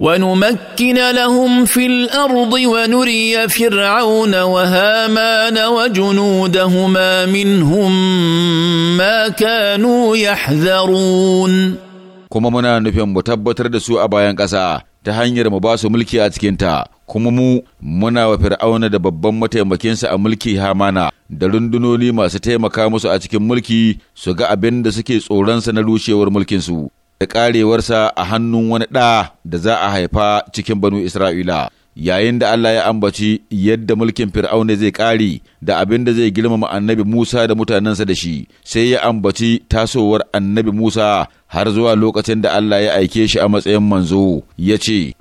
ونمكن لهم في الارض ونري فرعون وهامان وجنودهما منهم ما كانوا يحذرون kuma muna nufin mu tabbatar da su a bayan ƙasa ta hanyar mu ba su mulki a cikinta kuma mu muna wa fir'auna da babban mataimakinsa a mulki hamana da rundunoni masu taimaka musu a cikin mulki su ga abin da suke tsoronsa na rushewar mulkinsu da ƙarewarsa a hannun wani ɗa da za a haifa cikin banu Isra'ila. Yayin da Allah ya ambaci yadda mulkin Fir'auna zai ƙare da abin da zai girmama annabi Musa da mutanensa da shi, sai ya ambaci tasowar annabi Musa har zuwa lokacin da Allah ya aike shi a matsayin manzo, ya ce,